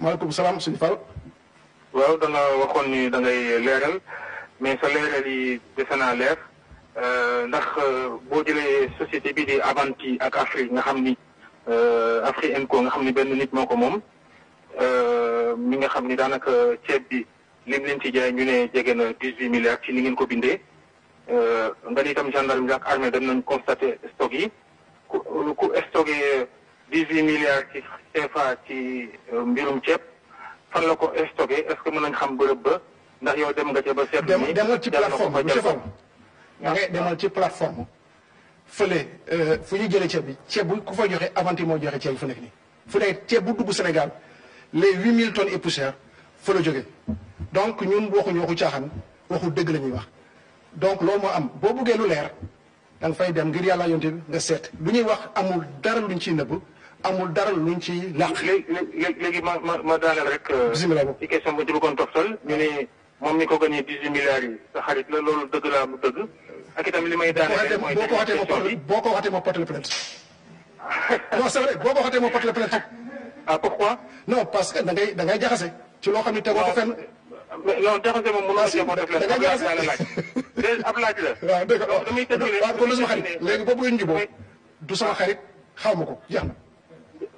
maaleykum salaam suñu Fall. waaw da nga waxoon ni da ngay leeral mais sa leeral yi dese naa leer euh, ndax euh, boo jëlee société bi di Avanti ak Afrique nga xam ni euh, Afrique Inco nga xam ni benn nit moo ko moom mi nga xam ni daanaka ceeb bi lim leen ci jaay ñu ne jege na dix huit milliards ci ni ngeen ko bindee nga ni itam gendarmerie ak armée dem nañ constaté stock yi ku ku stocké. dix-huit milliards ci CFA ci euh, mbirum ceeb fan la ko stocké est-ce mën nañ xam bërëb ndax yow dem nga ca ba seetlu nii demal ci plateforme monsieur Fong da ngay demal ci plateforme fële euh, fu ñu jëlee ceeb bi ceeb bu ku fa joxe avanti moo joxe ceeb fu nekk nii fu nekk ceeb bu dugg Sénégal les huit mille tonnes et poussière fa la jógee donc ñun waxuñu waxu caaxaan waxu dëgg la ñuy wax donc loolu moo am boo buggee lu leer da nga fay dem ngir yàlla yonte bi nga seet lu ñuy wax amul dara luñ ciy nëbb amul dara luñ ci làq. léegi ma ma comme rek. bismillah ci question ñu ko milliards xarit la mu ak itam pourquoi. non parce que da ngay da ngay ci ko fenn. non a def la. da du sama xarit